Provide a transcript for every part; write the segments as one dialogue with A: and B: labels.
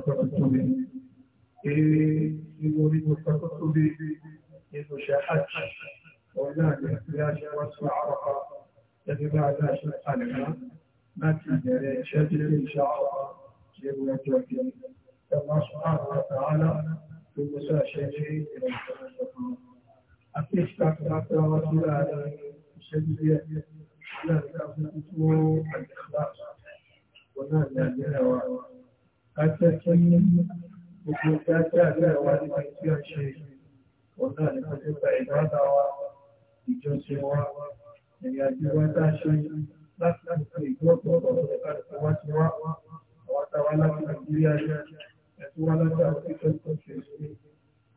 A: فترت به يريد فترت به إذ شاحت وذلك لا شمس وعرقا يتبع لا شمس عنها ما تدري شجر إن شاء الله جبنا توكل الله سبحانه وتعالى في موسى شيء إلى أكيد كثرة رسول الله شجرية لا تأخذ الإخلاص ولا لا afẹ́fẹ́ ní gbogbo dáadáa àgbà wa nípa tí a ṣe ọ̀nà nípa ìbára wa ìjọsìn wa ẹ̀yà àjò wa tá a ṣe láti ṣe ìgbọ́pọ̀ ọ̀rọ̀ nípa ìwà tí wá àwọn àtàwọn láti nàìjíríà yẹ ẹ̀tọ́ wa láti àwọn pípẹ́ tó ṣe ṣe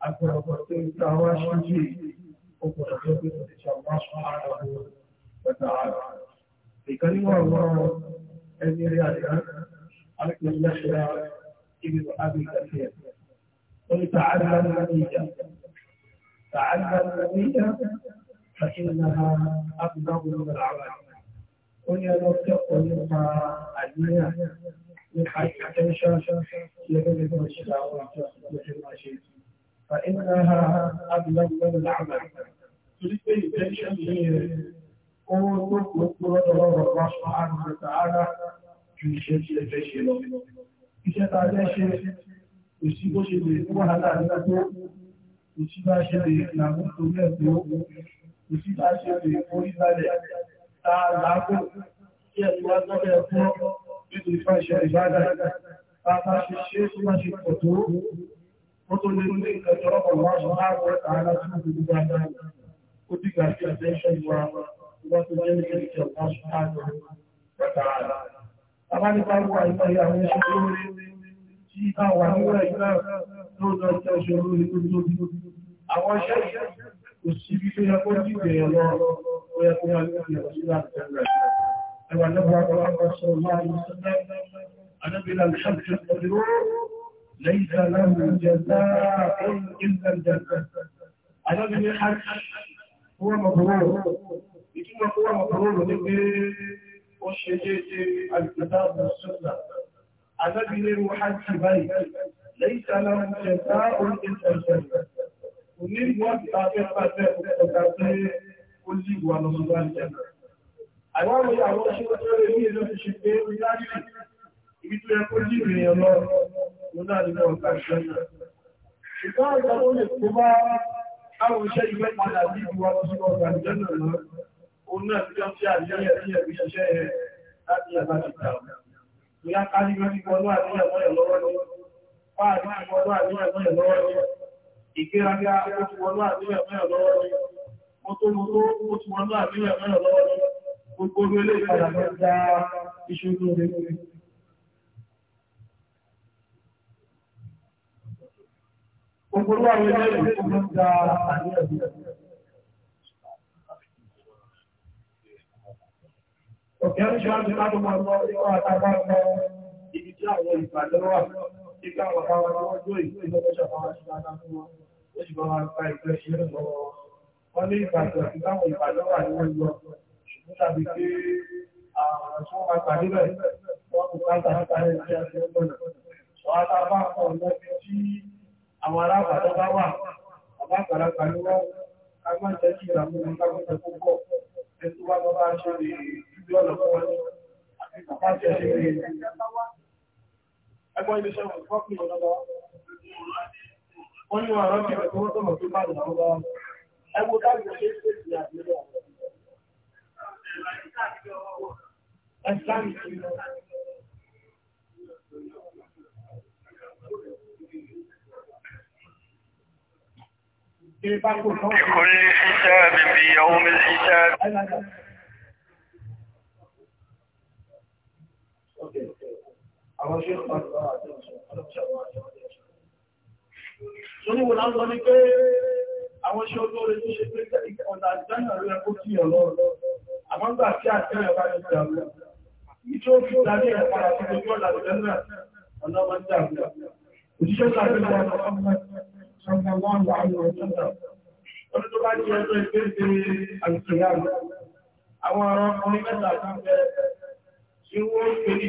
A: agbára ọkọ̀ tó ń ta wá ṣáájú ọkọ̀ tó ń tó ti ṣàwọn aṣọ àwọn ọ̀tá àrà ìkànnì wà wọ́n ẹni rí àdá عبد الله ابن أبي كثير قل تعلم النية تعلم النية فإنها أبلغ من العمل قل ينطق منها النية من حيث تنشا يجب الشفاء فإنها أبلغ من العمل تريد تنشا هي قول الله سبحانه وتعالى ju iṣẹ́ tí ẹ fẹ́ ṣe lọ. Iṣẹ́ ta fẹ́ ṣe kò sí bó ṣe lè fún wàhálà nígbà tó kò sí bá ṣe lè làwọn torí ẹ̀ tó kò sí bá ṣe lè forí balẹ̀ ta làákò tí ẹ̀ tó wá tọ́lẹ̀ fún nítorí fún iṣẹ́ ìbádà. Bàbá ṣe ṣe tó má ṣe pọ̀ tó ó tó lè ní ìkẹjọ́ ọ̀wọ́ àwọn ààrẹ ààrẹ tó ń gbogbo agbára. Ó dìgbà sí àtẹ́ṣẹ́ ìwà ìwà tó jẹ́ ní ìjọba ṣùgbọ́n àjọ. Bàbá ààrẹ àbájútàwà ìpàlẹ̀ àwọn ẹṣẹ́ lórí tí àwọn àníwà ìgbà lóòjọ́ ìjọ ìṣòro ìgbòmí àwọn iṣẹ́ kò sí bí tó yẹ kó jígbẹ̀ ẹ̀ lọ ó yẹ kó wà ní ìrọ̀sílá ẹwà lẹ́bọ̀ àkọlọ́pọ̀ sọ láàrín sọ́dá anábìlà ìṣàkóso ọdún ليس له جزاء إلا الجنة أنا ó ṣe déédé alìkàtàbù sọ́nà alábìlérò hajj báyìí lẹ́yìn sára ń jẹ bá orí ìṣẹ̀lẹ̀ òní wọ́n ti afẹ́fẹ́ ọ̀gá pé ó lè wà lọ́sọ̀gbà ìjẹ̀lẹ̀ àwọn òye àwọn ṣe ó tẹ́lẹ̀ ní ìlú ti ṣe pé ó yá sí ibi tó bá àwọn iṣẹ́ ìwé padà bí ìwà lọ́sọ̀gbà ìjẹ̀lẹ̀ lọ òun náà ti jọ sí àríyànjẹ́ ìṣẹ́ ẹ̀ láti ẹ̀bá ti ta. Ìyá kárí mẹ́rin wọnú àríyàn mọ́ ẹ̀ lọ́wọ́ lọ́wọ́. Fáàrí wọnú àríyàn mọ́ ẹ̀ lọ́wọ́ lọ́wọ́. Ìgbéraga ó ti wọnú àríyàn mọ́ ẹ̀ lọ́wọ́ lọ́wọ́. Mọ́tòmọ́tò ó ti wọnú àríyàn mọ́ ẹ̀ lọ́wọ́ lọ́wọ́. Gbogbo ilé ìpadà mọ́ dá ìṣòro rẹ̀. Gbogbo àwọn ilé ìpadà mọ́ dá àríyàn mọ́ ẹ̀ lọ́wọ́ Òkè ń ṣe ọdún ládùn mọ́ ọmọ ìwọ̀n àtàkà ọmọ ibi tí àwọn ìpàdọ́wà tí káwọn bá wọn lọ́jọ́ ìgbẹ́jọ́ àwọn aṣíwájá fún wọn. Ó sì bá wọn pa ìgbẹ́ ṣe lọ́wọ́. Wọ́n ní ìpàdọ̀ tí káwọn ìpàdọ́wà ní wọ́n lọ. Ṣùgbọ́n tàbí pé àwọn tí wọ́n máa pàdé bẹ̀ wọ́n kò ká tàbí tí a ti ń gbọ́nà. Wọ́n á tábà kọ̀ lọ́jọ́ tí àwọn arábàdọ́ bá wà. Bàbá àgbàlagbà ni sí ọ̀nà fún wọn
B: wọ́n ní wọn rántí
A: ẹ̀kọ́ tó mọ̀ tó bá lọ́wọ́ lọ́wọ́ ẹgbọ́n táwọn ìṣe ṣe ti àgbélé ọ̀rọ̀ ẹ̀sán ìṣẹ́ كل حساب بيوم الحساب àwọn ṣe ń pàdé lára àti ọ̀ṣọ́ Ìjọ́ fún ìdájí ẹ̀pàá àti ojú ọ̀là ìjẹ́lẹ̀ ọ̀nà ọmọ ìjà àbúrà. Òṣìṣẹ́ ìlàjẹ́ ọmọ ọmọ ọmọ ọmọ ọmọ àwọn ọ̀tọ́ta. Ọdún tó bá jẹ́ ẹjọ́ ìgbéǹde àìsìyà rẹ̀. Àwọn ọ̀rọ̀ ọkùnrin mẹ́ta kan bẹ́ẹ̀ tí wọ́n pè ní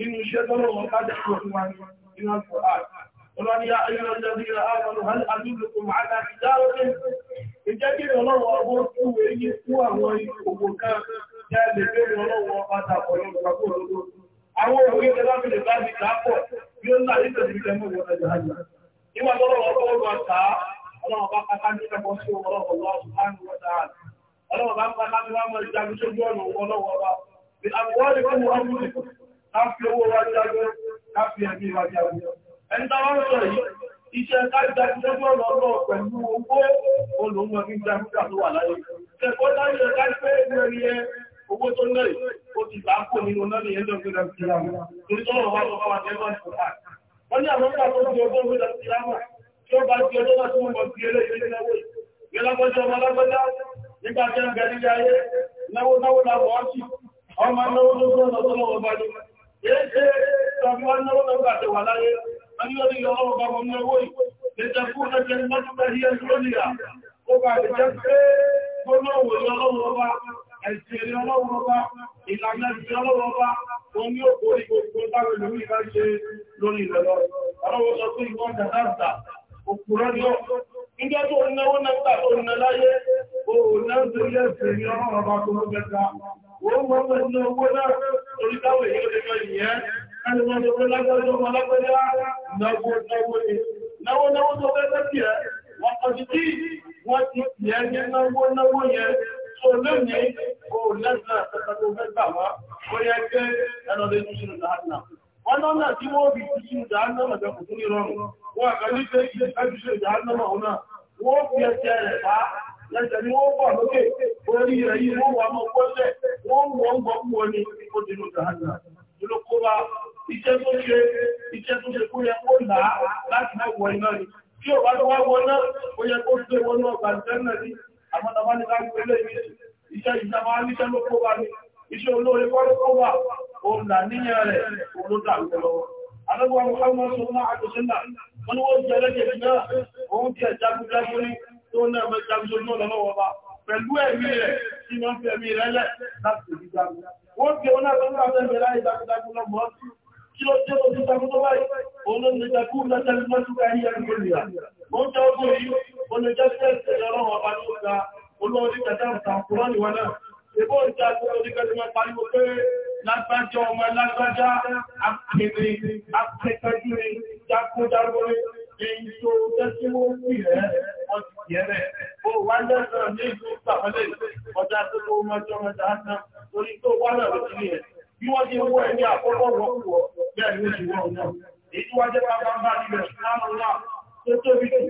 A: nínú iṣẹ́ tọ́lọ̀ wọn káàdà fún ọdún wa nínú àpò ààrẹ. Ọlọ́ni ayọ́ ìjọba ìrà àwọn alúlùkù máa dá ìdáwó lé. Ìjẹ́ kí ọlọ́wọ́ ọgbọ́n tó wé yí fún àwọn ìkòkò kan jẹ́ lè gbé ọlọ́wọ́ padà pọ̀ lọ́dún Àwọn òwe tẹ́lá fi lè bá mi kà á pọ̀ bí ó ń láyé tẹ̀lé ìtẹ́mọ̀ ìwọ̀n ẹ̀jẹ̀ àjà. Nígbà tọ́lọ́wọ́ ọgbọ́n lọ kà á, bá pátá ní ẹ̀kọ́ sí ọlọ́wọ́ lọ́wọ́ sùpánù wọ́n dáa. Ọlọ́wọ́ bá pátá ní wọ́n mọ̀ ká fi owó wa jágbé ká fi ẹ̀mí wa jágbé ẹni táwọn ọ̀rọ̀ yìí iṣẹ́ kájájúdájú ọ̀nà ọ̀rọ̀ pẹ̀lú owó olóhun ẹni jágbúdà tó wà láyé kẹ́kọ́ láyé ẹ̀ká pé ẹni ẹ owó tó ń lẹ́yìn ó ti bá kó nínú náà ní ẹjọ́ gbé lẹ́sí ìlànà torí tọ́lọ̀ wà lọ́wọ́ wa jẹ́ lọ́sí ìlànà wọ́n ní àwọn ọ̀gá tó ti ọgbọ́n gbé lẹ́sí Èéṣe tàbí wá náwó lọ́gbà tẹ wà láyé, a ní lọ́dí yọ ọlọ́gbà mọ́ ní owó yìí, lè jẹ fún ẹgbẹ́ mọ́túnbẹ̀ yẹ lónìyà, ó bá lè jẹ́ pé gbónáwò yọ ọlọ́wọ́ ọba, ẹ̀sìn èrè ọlọ́wọ́ ọba, ìlànà ẹ̀sìn ọlọ́wọ́ ọba, wọn ní òkú orí gbogbo táwọn ìlú ìbá ṣe lórí ilẹ̀ lọ. Ọlọ́wọ́ sọ pé ìwọ́n dàdáàdà, òkúrọ́ ni ó. Nígbà tó náwó náà tó náà láyé, òun náà ń wọ́n mọ́ pẹ̀lú owó náà oríkàwò èyí lè lọ ìyẹn ẹni wọ́n tó lágbàjọ́ ọmọ lágbàjá náwó náwó ni náwó náwó tó fẹ́ fẹ́ tiẹ̀ wọ́n kọjú tí wọ́n ti tiẹ̀ ní náwó náwó yẹn tó lónìí kò lẹ́sìn àtẹ́sẹ́ tó fẹ́ gbà wá ó yẹ pé ẹnà lè tún fi tún rẹ̀ pa lẹ́sẹ̀ ni wọ́n bọ̀ lókè orí rẹ̀ yìí wọ́n wà mọ́ pọ́lẹ̀ wọ́n wọ́n gbọ́ fún wọn ni ó dínú jàǹdà ló kó bá iṣẹ́ tó ṣe iṣẹ́ tó ṣe kó yẹ kó là á láti má wọ iná ni tí ò bá tó wá wọ náà ó yẹ kó ṣe wọnú ọgbà ìjẹ́nà ni àwọn tàbá ní láti pẹ́lẹ́ iṣẹ́ ìjọba níṣẹ́ ló kó bá ni iṣẹ́ olóore kọ́ ló kó bá òun là níyàn rẹ̀ òun ló dà lọ́wọ́ alẹ́gbọ́n Muhammad sọ́nà tó náà mẹ́ta bí ojú ọ̀nà lọ́wọ́ bá pẹ̀lú ẹ̀mí rẹ̀ tí wọ́n fi ẹ̀mí rẹ̀ lẹ̀ láti ìdí dágún wọ́n fi ọ̀nà tó náà fẹ́ bẹ̀rẹ̀ láì dágún lọ́mọ́ kí ló jẹ́ ojú dágún tó báyìí òun ló ń dákú lọ́jọ́ lọ́jọ́ ayé ẹgbẹ́ ìyá wọ́n jẹ́ ọgbọ́n yìí ó lè jẹ́ sí ẹ̀sẹ̀ ọlọ́run ọba tó ga olóòrí kẹta ìtàkùrọ́ ìwọ náà ebó ìjà olóòrí kẹta máa pariwo pé lágbájá ọmọ lágbájá apèrè apẹtẹjúre jákújárúre ẹni tó tẹ́sí mú sí rẹ̀ wọ́n ti yẹ rẹ̀. Ó wá lẹ́sàn ní ìlú ìpàwọlé ọjà tó tó mọ́jọ́ mẹ́ta ásán torí tó wá náà lókè ní ẹ̀. Bí wọ́n ti wọ́ ẹni àkọ́kọ́ wọ́pùwọ́ bẹ́ẹ̀ ni ó ti wọ́n náà. Èyí tí wọ́n jẹ́ pápá bá nílẹ̀ láàrùn náà tó tóbi jù.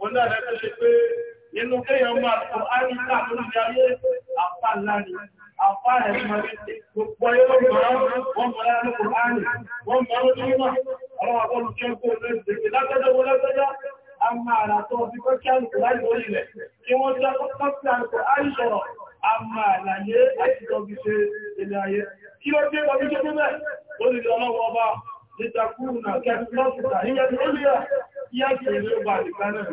A: Wọ́n náà rẹ̀ tó ṣe pé inú kéèyàn máa tó áníkà lórí ayé àpá ńlá ni àpá ẹ̀rí máa ń gbogbo ayé lọ́gbọ̀n wọn mọ̀ láàrín ọlọ́wọ́ akọ́lù kẹ́kọ́ lẹ́sẹ̀ látẹ́jọ́wọ́ látẹ́já a máa rà tó ọdí pé kí àrùkù láì lórí rẹ̀ kí wọ́n jẹ́ kọ́kọ́ sí àrùkù àìṣọ̀rọ̀ a máa àlàyé àìsíjọ́bí ṣe ilẹ̀ ayé kí ló dé ọdí tó bẹ́ẹ̀ lórí ọlọ́wọ́ ọba nítakúrùnà kẹ́kọ́sìtà ìyẹn tó lè yà kí á kìí ló bá nìkan náà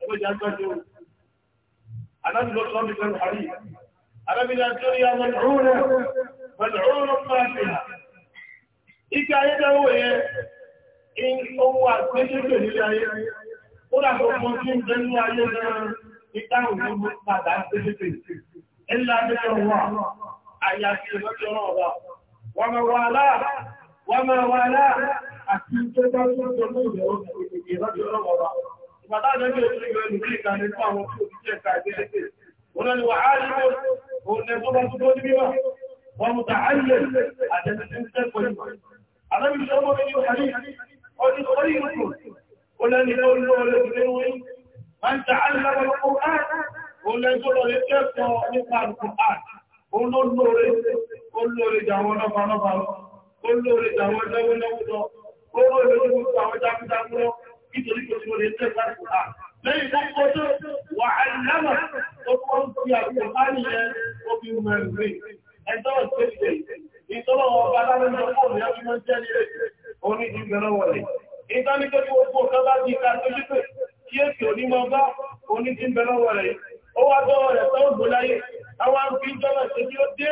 A: ẹgbẹ́ ìjà gbẹ́jọ́ Àdájú ló sọ́ọ́ nìkan àrí. Àdábìnrin àti orí àwọn ìrúnrẹ̀ pẹ̀lú òórùn máa fi hàn. Ike ayé dáwó yẹn owó àgbẹ́jẹ́gbẹ̀ nílé ayé. Ó dàbọ̀ ọmọ tí ń bẹ ní ayé náà ní táwọn ìlú padà gbẹ́jẹ́gbẹ̀. Ẹlá mẹ́jọ wà, àyà sí ìrọ́jọ́ náà wà. Wọ́n mẹ́ wà láà, wọ́n mẹ́ wà láà, àti tó bá tó tó mú ìrọ́jọ́ náà tí ó ti jẹ́ ìkà ìgbẹ́jẹ́gbẹ̀. ní bí wà. قل خيركم قل أن يقول له الذين من تعلم القرآن قل أن يقول لك يقرأ القرآن قل له قل له جاونا فانا فانا قل له جاونا جاونا جاونا قل له جاونا جاونا جاونا nítorí kò tí ó lè tẹ́lá ìpòtà. Lẹ́yìn tó kọ́ tó wà àìlẹ́mà tó kọ́ sí àpòtà nìyẹn ó fi mọ̀ ẹ̀rí. Ẹjọ́ ìpèsè, ìtọ́lọ́wọ́ ọba lábẹ́ ìjọpọ̀ ní ọdún mọ́ jẹ́ nílé oní ìgbẹ̀lọ́wọ̀ rẹ̀. ìtàníkẹ́ tí gbogbo ọ̀kan bá di ìka tó ṣípẹ̀ kí èsì onímọ̀ bá oní ìgbẹ̀lọ́wọ̀ rẹ̀. ó wá tọ́wọ́ rẹ̀ tọ́wọ́ gbòláyé àwọn àrùkí jọba ṣe tí ó dé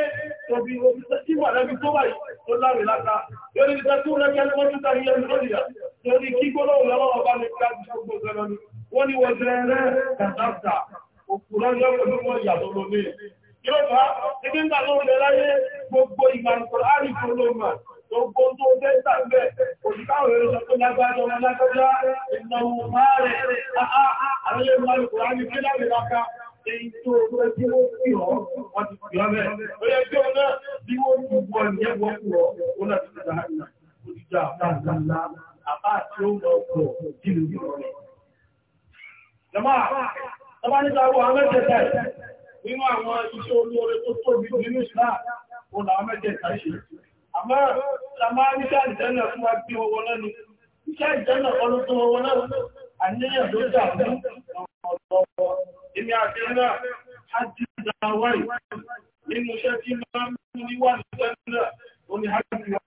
A: tóbi òfìsẹ́ tí wà lẹ́bí tó wáyé tó láre láta lórí ìṣẹ́ tí ó rẹ́kẹ́ lọ́wọ́ tó tàrí ẹni lórí rẹ̀ torí kí gbólóhùn lọ́wọ́ ọba ní ká gbogbo ìṣẹ́lọ ni wọ́n ni wọ́n jẹ́ rẹ̀ kàtàkà gbogbo tó fẹ́ sàgbẹ̀ òṣìkáwò èrò sọ pé lágbájọ́ lágbájá ìnáwó máa rẹ̀ àwọn ilé ìmọ̀ alùpùpù ní kí láti láka èyí tó ọgbẹ́ tí ó fi ọ́ wọ́n ti fi ọ́ bẹ́ẹ̀. ó yẹ kí ọ náà bí wọ́n ti wọ ìyẹn wọ́n kù ọ́ ó náà ti dá òṣìṣẹ́ àbáńlá àbá tí ó lọ pọ̀ nínú ìrọ̀lẹ́. jọba tọ́ba níta wọ àwọn mẹ́tẹ̀ẹ̀ta nínú àwọn iṣẹ́ olóore tó tóbi nínú ìṣúná ó làwọn mẹ́tẹ̀ẹ̀ta ṣe àmọ́ làmá níṣẹ́ ìjẹ́nà fún wa bí owó náà ni iṣẹ́ ìjẹ́nà ọlọ́ tó owó náà àníyàn ló dà mú ọ̀pọ̀lọpọ̀ èmi àti náà á ti dá nínú iṣẹ́ tí máa ń mú níwájú sẹ́ńdà ó ní hájú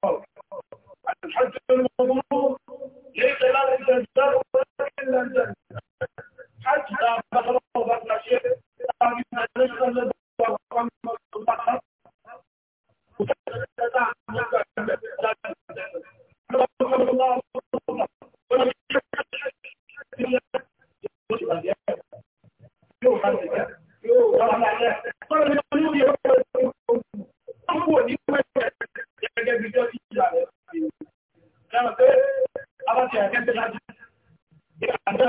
A: aka ya kan da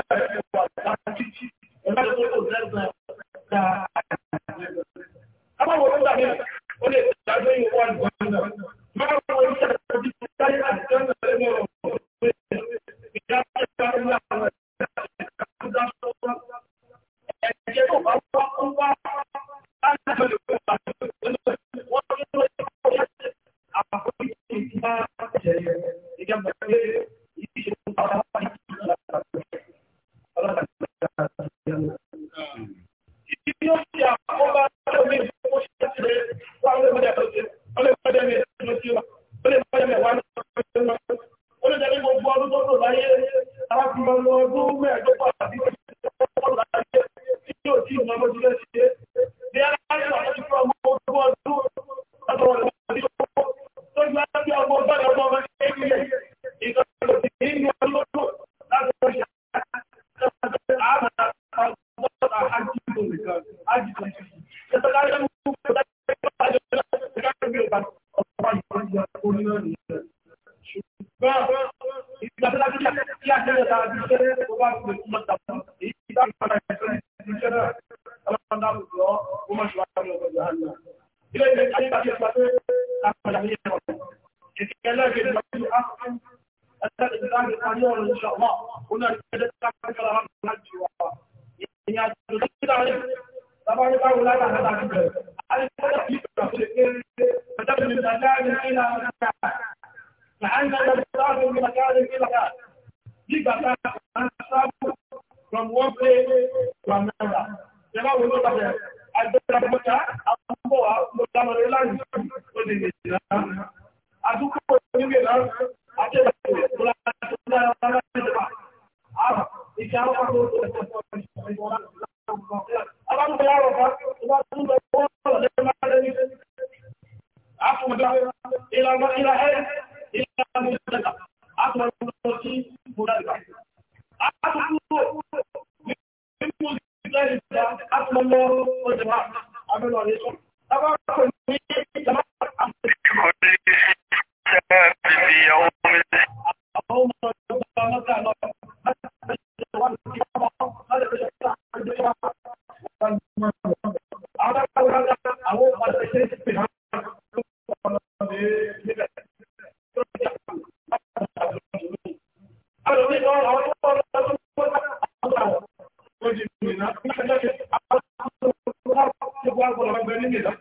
A: Lord, ọdún mẹ́ẹ̀ẹ́dọ́ nígbàtí ọ̀pàá get up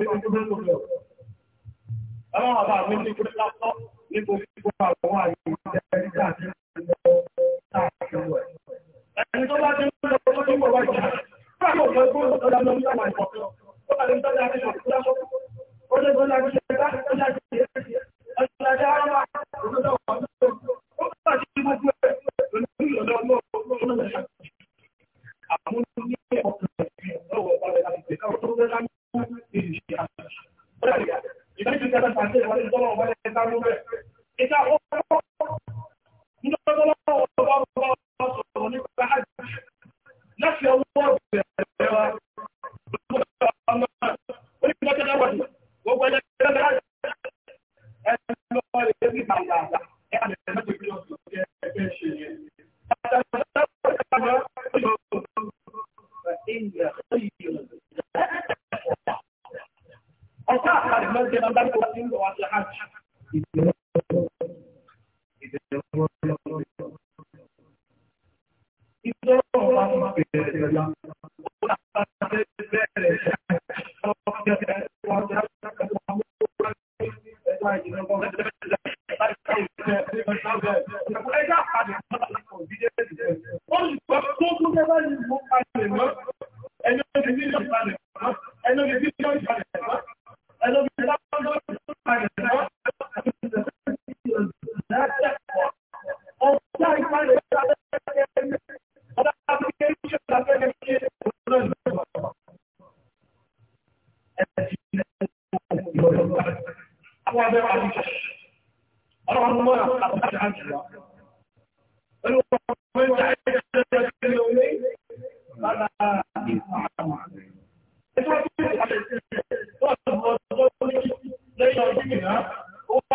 A: àbí ọdún mẹ́kọ̀ọ́ lọ. Ọlọ́run àbá mi ní kúrẹ́ lásán ní gbogbo Não é ẹgbẹ́ àpàdé ọ̀dọ́ àlàkọ̀ òbí jẹ́ ẹ̀sìn. ó lè tó tún fẹ́ bá yìí mú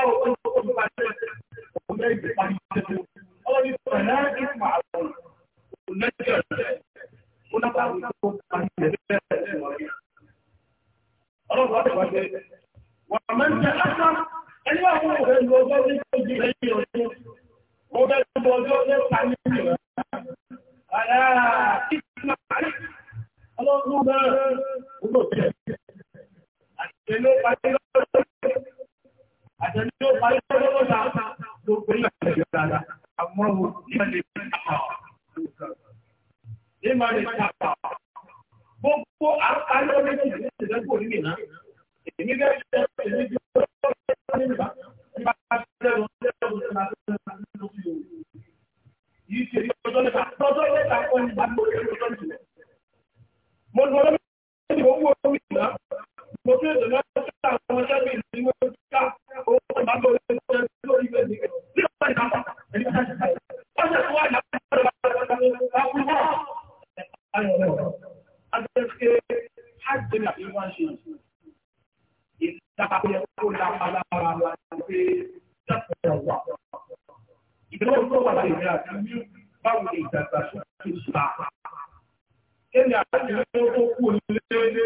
A: ó ń tó kó If you guys àti ìlú tó kù nílé